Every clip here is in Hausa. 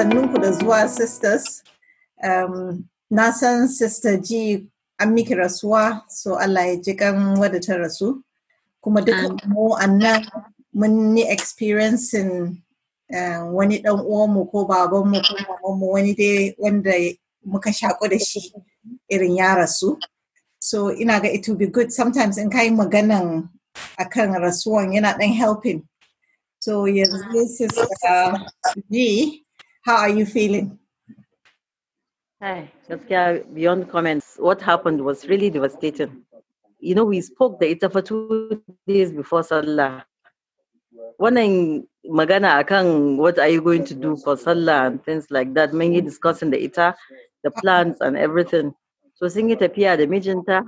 sannunku da zuwa sisters. Um, na sister ji an miki rasuwa so Allah ya ji kan wadda mo anna Kuma experience mu annan mun yi experiencing uh, wani dan uwanmu ko babanmu ko mamanmu wani dai wanda muka shaku shi irin rasu. So ina it will be good sometimes in kai maganan akan rasuwan yana dan helping. So yes, this is G how are you feeling? Hi, Saskia, beyond comments, what happened was really devastating. You know, we spoke the ita for two days before Salah. Wannan magana akan what are you going to do for Salah and things like that, mainly discussing the ita, the plans and everything. So it appear at the Magenta,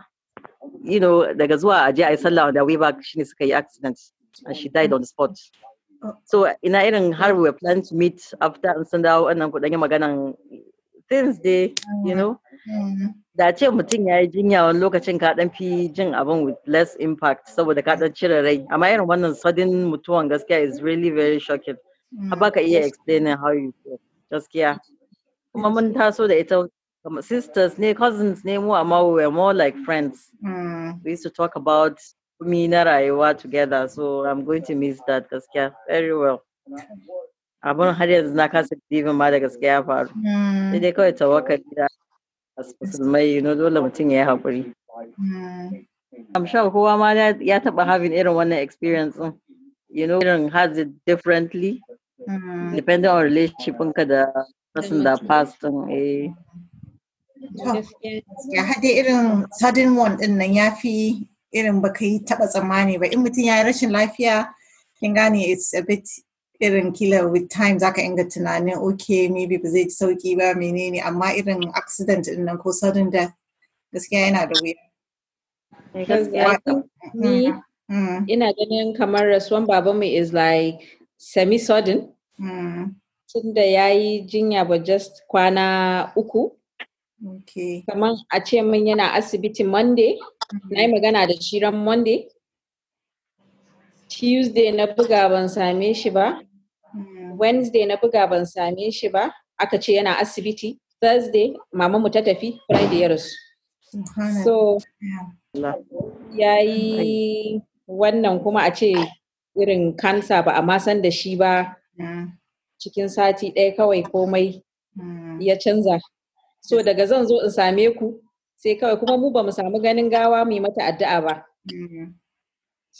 you know, the zuwa aje a Salah. Sallah on their way back, shine suka accident and she died on the spot. So ina irin har we plan to meet after an sun dawo annan kuɗin maganan since day, you mm. know. Mm. Da ce mutum ya yi jinya wani lokacin ka ɗan fi jin abin with less impact saboda ka ɗan cire rai. Amma irin wannan sudden mutuwan gaskiya is really very shocking. Mm. Ba ka iya explaining how you feel gaskiya. Kuma mun taso da ita sisters ne cousins ne mu amma we were more like friends. Mm. We used to talk about me that I were together. So I'm going to miss that gaskiya very well. Abun har yanzu na kasa divin ma da gaskiya ya faru. Sai dai kawai tawakkali da musulmai no dole mutum ya yi hakuri. I'm sure kowa ma ya taba having irin wannan experience You know, irin has it differently mm. depending on relationship ɗinka the person da past din. Eh. Ya haɗe irin sudden one ɗin nan ya irin baka yi taba tsammani ba in mutum ya yi rashin lafiya kin gane it's a bit irin kila with time zaka inga tunanin okay maybe ba zai sauki ba menene amma irin accident din nan ko sudden death gaskiya yana da wuya eh, mm. Mm. ina ganin kamar rasuwan babanmu is like semi sudden mm. tun da ya yi jinya ba just kwana uku okay. kamar a ce min yana asibiti monday na yi magana da shi ran monday tuesday na buga ban same shi ba wednesday na buga ban same shi ba aka ce yana asibiti thursday mama mu ta tafi friday ya rasu so ya yi wannan kuma a ce irin kansa ba a masan da shi ba cikin sati ɗaya kawai komai ya canza so daga zan zo in same ku sai kawai kuma mu ba mu samu ganin gawa mu yi mata addu'a ba mm-hmm.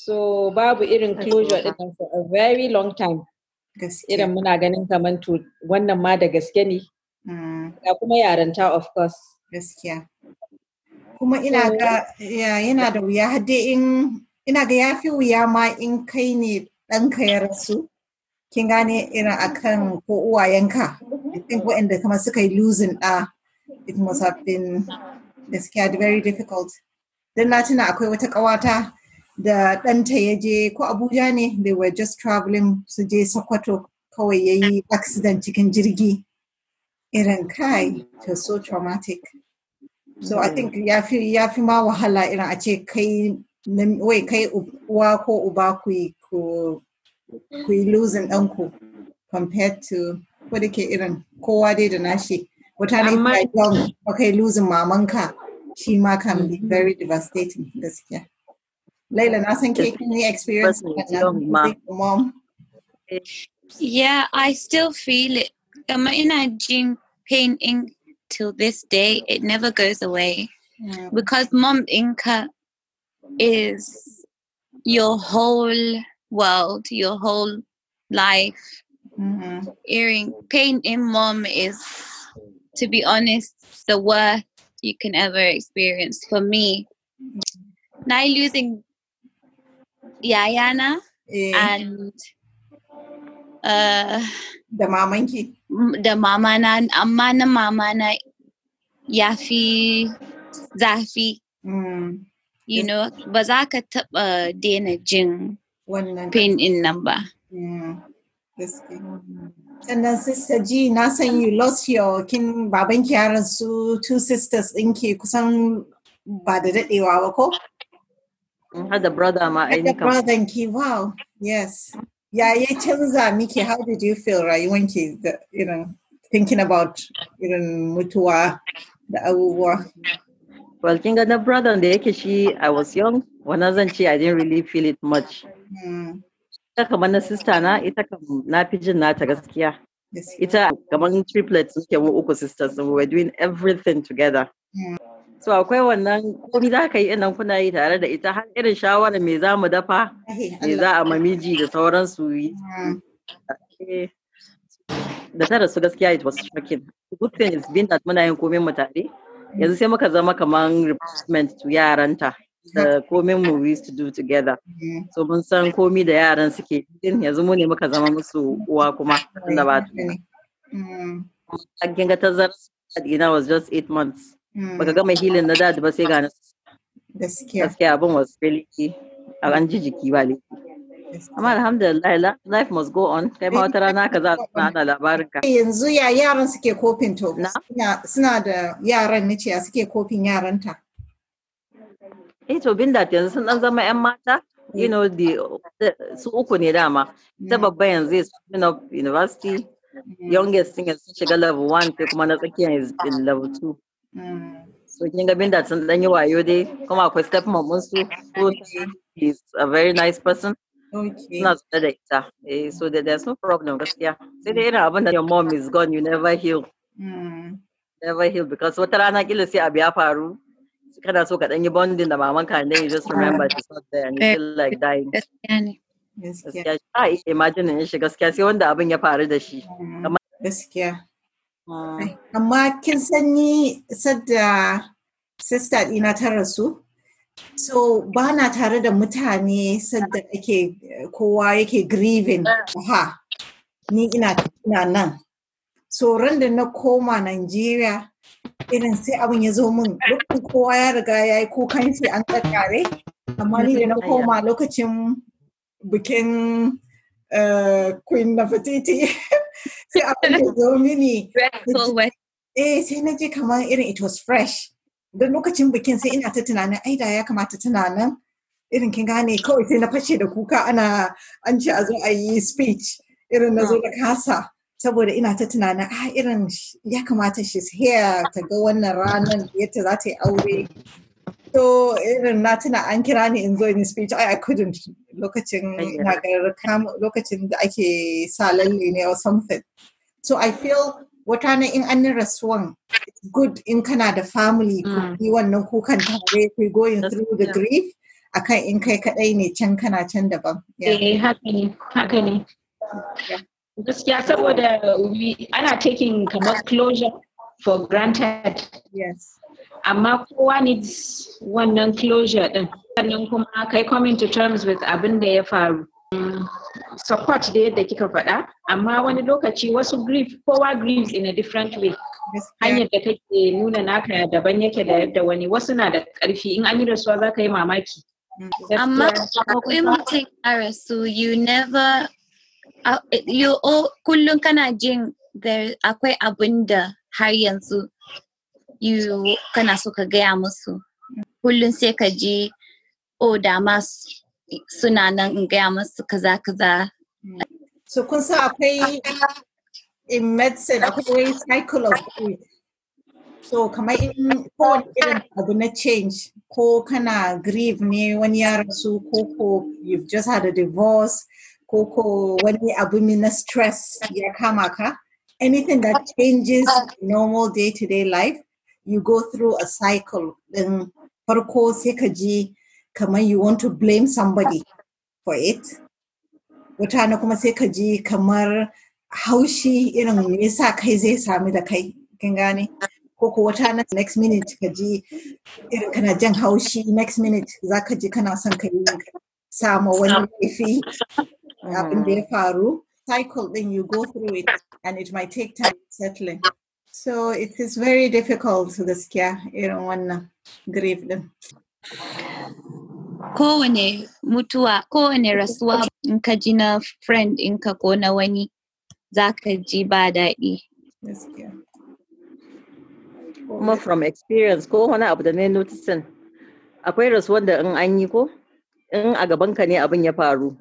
so babu irin closure din for a very long time irin muna ganin kamar to wannan ma da gaske ne ya mm. kuma yaranta of course gaskiya kuma ina ga yana da wuya dai in ina ga yafi wuya ma in kai ne ka ya rasu kin gane irin akan ko uwayenka I think waɗanda kamar suka yi losing ɗa it must have been gaskiya very difficult don na tuna akwai wata ƙawata da ɗanta ya je ko abuja ne they were just traveling su je sokoto kawai ya yi accident cikin jirgi irin kai to so traumatic so i think ya fi ya fi ma wahala irin a ce kai wai kai uwa ko uba ku yi ku yi losing ɗanku compared to ko da ke irin kowa dai da nashi wata ne kai losing mamanka Shima can be very devastating This year. na I think you can experience mom. Yeah, I still feel it. I'm gene jin pain in till this day. It never goes away. Yeah. Because mom inka is your whole world, your whole life. Mm-hmm. Hearing pain in mom is, to be honest, the worst you can ever experience for me. Now losing Yayana yeah. Eh. and uh, da mamanki mama na amma na mama na Yafi zafi mm. you yes. know bazaka tap ka taɓa daina pain in number. Sannan Sister G, now saying you lost your kin baban ki yaran su two sisters Inki, kusan ba da daɗewa mm, Had a brother ma Had a brother inki. wow, yes. Yeah. ya canza miki, how did you feel Right to, you know, thinking about you know, mutua the Awuwa. Well, King ga na brother and the shi I was young, wannan in Chi, I didn't really feel it much. Mm. ita kamar na sista na ita na fi jin nata gaskiya ita kamar triplets suke mu uku sisters so we're doing everything together so akwai wannan komi za ka yi inan kuna yi tare da ita har irin shawara me za mu dafa me za a mamiji da sauransu yi da tara su gaskiya it was shocking the good thing is been that muna yin komin mu tare mm. yanzu sai muka zama kamar replacement to yaranta da komin mu we used to do together mm. so mun san komi da yaran suke din yanzu mu ne muka zama musu uwa kuma da ba ta mm. kin ga tazarar ina was just eight months mm. baka gama healing na dad ba sai ga gaskiya gaskiya abin was really an ji jiki ba le amma alhamdulillah life must go on kai ma wata rana ka za a ana labarin ka yanzu ya yaran suke kofin to suna da yaran ce suke kofin yaranta eh to binda yanzu sun dan zama yan mata you know the su uku ne dama ta mm. babba yanzu is coming up university mm. youngest thing sun shiga level 1 sai kuma na tsakiya is in level 2 mm. so kin ga binda sun dan yi wayo dai kuma akwai step mamun su is a very nice person Not tsada da ita eh so that there's no problem gaskiya sai dai irin abin da your mom is gone you never heal never heal because what wata rana kila sai abu ya faru kana so ka dan yi bonding da mamanka and then you just remember she's not there and you feel like eh, dying gaskiya a imagine imagine shi gaskiya sai wanda abin ya faru da shi mm, gaskiya mm. amma kin sanyi sadda sister ɗina ta rasu so ba na tare da mutane sadda ake kowa yake grieving mm. ha ni ina nan so randa da na koma nigeria. irin sai abin ya zo min lokacin kowa ya riga ya yi kukan shi an tsakare amma ni da na koma lokacin bikin eh, queen na fatiti sai abin ya zo mini eh sai na ji kamar irin it was fresh don lokacin bikin sai ina ta tunanin ai da ya kamata tunanin irin kin gane kawai sai na fashe da kuka ana an ce a zo a yi speech irin na zo da kasa saboda ina ta tunanin ah, irin ya kamata she's here ta ga wannan ranar yadda za ta yi aure so irin na tuna an kira ni in zo in speech I, I couldn't lokacin lokacin da ake sa lalle ne or something so I feel wata na in an rasuwan good in kana da family ku mm. yi wannan kukan tare ku going through the grief akan in kai kadai ne can kana can daban eh haka ne haka ne Gaskiya saboda ana taking kamar closure for granted. Yes. Amma kowa needs wannan closure din. Sannan kuma kai coming to terms with abin da ya faru. Mm, support da yadda kika faɗa, amma wani lokaci wasu grief, kowa grieves in a different way. Hanyar da kake nuna naka daban yake da yadda wani wasu na da ƙarfi in an yi rasuwa za ka yi mamaki. Mm. Amma in mutum a rasu, you never kullum kana jin da akwai abin da har yanzu you kana so ka gaya musu kullum sai ka ji o oh, da ma suna nan in gaya musu kaza kaza so kun sa akwai in medicine akwai cycle of so kamar in kowane irin abu na change ko kana grief ne wani ya rasu ko ko you've just had a divorce ko ko wani abu na stress ya kama ka anything that changes uh, normal day to day life you go through a cycle din farko sai ka ji kamar you want to blame somebody for it wata na kuma sai ka ji kamar haushi irin me yasa kai zai sami da kai kin gane ko wata na next minute ka ji irin kana jan haushi next minute zaka ka ji kana son ka yi sama wani laifi mm-hmm. in their faru cycle then you go through it and it might take time settling so it is very difficult to don't wanna grieve them. kowane mutuwa kowane rasuwa in ka ji na friend ɗinka ko na wani za ka ji ba daɗi kuma from experience ko wani abu da na noticing akwai rasuwan da in an yi ko in a gabanka ne abin ya faru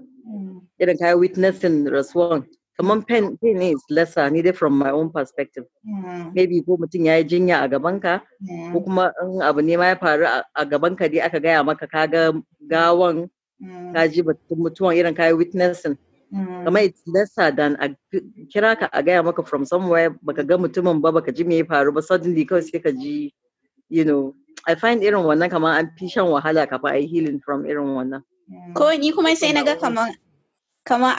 irin kayi witnessing rasuwan kamar pain pain is lesser ni dai from my own perspective mm. maybe ko mutum ya yi jinya a gabanka ko mm. kuma in mm, abu ne ma ya faru a gabanka dai aka gaya maka ka ga gawan ka ji batun mutuwan irin kayi witnessing kamar it's lesser than a kira ka a gaya maka from somewhere baka ga mutumin ba baka ji me ya faru ba suddenly kawai sai ka ji you know I find irin wannan kamar an fi shan wahala kafin a yi healing from irin wannan. Ko ni kuma sai na ga kamar kamar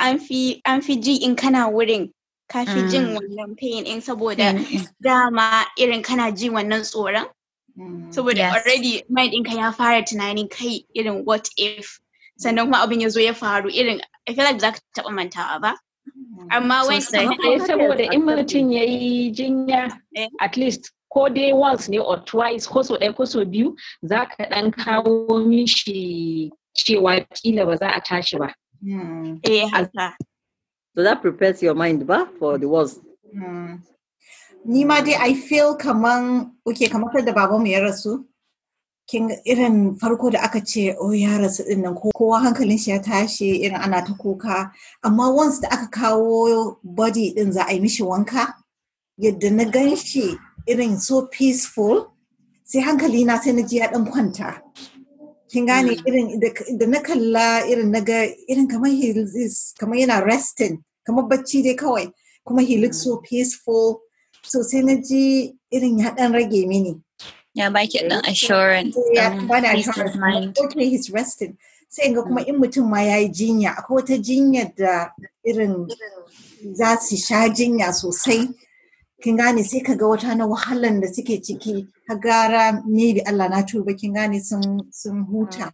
an fi ji in kana wurin ka fi hmm. jin wannan pain in saboda hmm, hmm. dama irin kana ji wannan tsoron saboda already mind ɗinka ya fara tunanin kai irin what if sannan kuma abin ya zo ya faru irin i feel like za ka taɓa mantawa ba amma wani saboda in mutum ya yi jinya eh? at least ko dai once ne or twice ko so ɗaya ko so biyu za ka ɗan kawo mishi cewa kila ba za a tashi ba Mm. Eh So that prepares your mind ba for the worst. Mm. Ni dai I feel kaman okay kamar da babanmu ya rasu. Kin irin farko da aka ce o oh, ya rasu din nan kowa hankalin shi ya tashi irin ana ta kuka amma once da aka kawo body din za a yi mishi wanka yadda na gan shi irin so peaceful sai hankali na sai na ji ya dan kwanta. kin gane mm. irin da na kalla irin na ga irin kamar kamar yana resting kamar bacci dai kawai kuma he looks mm. so peaceful so sai na ji irin ya dan rage mini ya baki dan assurance eh, ya ba na assurance okay he's resting sai ga kuma mm. in mutum ma yayi jinya akwai wata jinya da irin za su sha jinya sosai kin gane sai ka ga wata na wahalan da suke ciki ka gara maybe Allah na tuba kin gane sun huta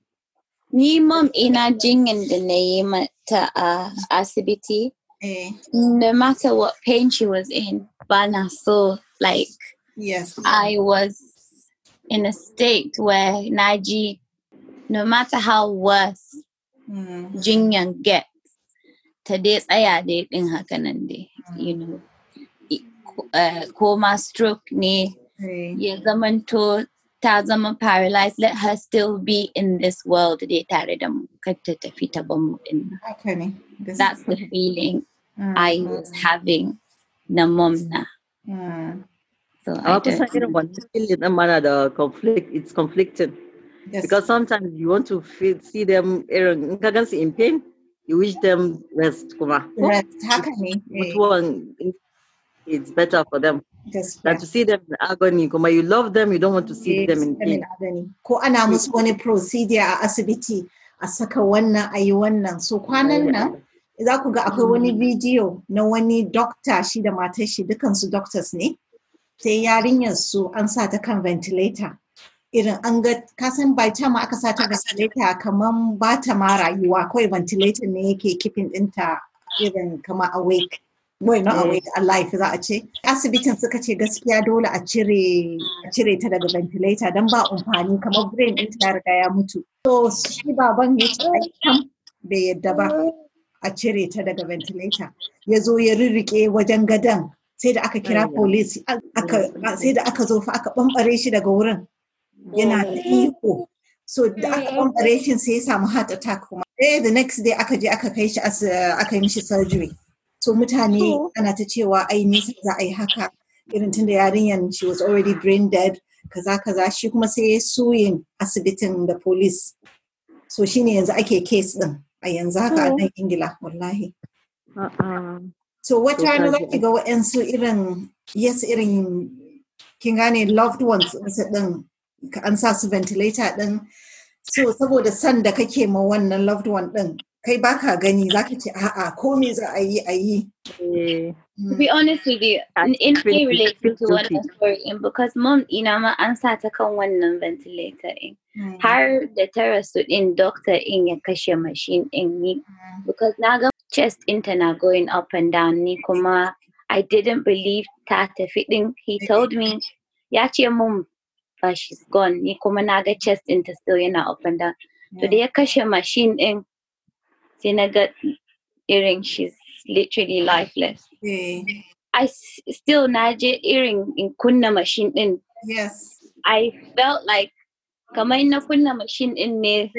ni mom ina jinyan da na yi mata a asibiti eh. no matter what pain she was in bana so like yes i was in a state where naji no matter how worse mm. jinyan gets ta dai tsaya dai din hakanan dai you know coma stroke ने ये जमन तो ta zama paralyzed let her still be in this world dai tare da mu kar ta tafi ta ban mu din haka that's the feeling mm. i was having na mom na mm. so i kusan irin feel in a manner the conflict it's conflicting yes. because sometimes you want to feel, see them in in pain you wish them rest kuma rest haka eh. ne it's better for them That's than right. to see them in agony. Kuma you love them, you don't want to see yes, them in pain. agony. Ko ana musu procedure a asibiti a saka wannan a wannan. So kwanan nan za ku ga akwai mm. wani bidiyo na wani doctor shi da matar shi dukansu doctors ne. Sai yarinyar su an sa ta kan ventilator. Irin an ga kasan by time aka sa ta ventilator kamar ba ta ma rayuwa kawai ventilator ne yake kifin ɗinta irin kama awake. wai not a eh. life za a ce asibitin suka ce gaskiya dole a cire ta daga ventilator don ba amfani kamar brain din ta riga ya mutu So shi baban ya ce ai bai yadda ba a cire ta daga ventilator ya zo ya rirriƙe wajen gadan sai da aka kira police sai da aka zo fa aka bambare shi daga wurin yana da iko so da aka bambare shi sai ya samu heart attack kuma eh the next day aka je aka kai shi aka yi mishi surgery so mutane ana ta cewa ai nisa za a yi haka irin tunda yarinyan she was already brain dead kaza kaza shi kuma sai ya suyin asibitin da police so shine yanzu ake case din a yanzu haka a hmm. nan ingila wallahi uh-uh. so what you rana to go and so irin yes irin kin gane loved ones wasu din an sa su ventilator din so saboda san da kake ma wannan loved one din kai baka gani zaka ce a'a za a yi a yi eh. to be hmm. honest with you in any related to I'm in because mom ina ma an sa ta kan wannan ventilator in hmm. har da ta rasu din doctor in ya kashe machine din ni hmm. because na ga chest interna going up and down ni kuma I didn't believe ta tafi din he eh. told me ya ce mom but she's gone ni kuma na ga chest ɗinta still yana up and down to da ya kashe machine din Sinagat earring, she's literally lifeless. Okay. I s- still naje earring in kunna machine din. Yes. I felt like kamar na kunna machine din ne.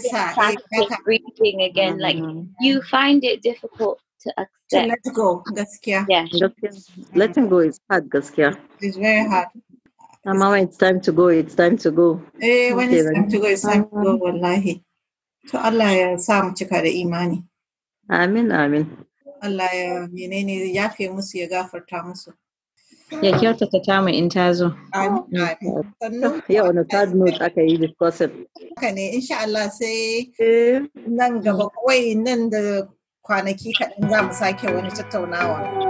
Zai breathing again. Mm-hmm. Like you find it difficult to accept. To let go, gaskiya. Yeah. Letting go is hard, gaskiya. It's very hard. Mama, it's time to go. It's time to go. Hey, eh, when okay, it's time to go, it's time to go. Wallahi. To Allah ya sa mu cika da imani. Amin, amin. Allah ya menene ya fi musu ya gafarta musu. Ya kyautata ta mu in ta zo. Amin, amin. Yau na aka yi discussing. ne, insha Allah sai eh. nan gaba kawai nan da kwanaki kaɗan za mu sake wani tattaunawa.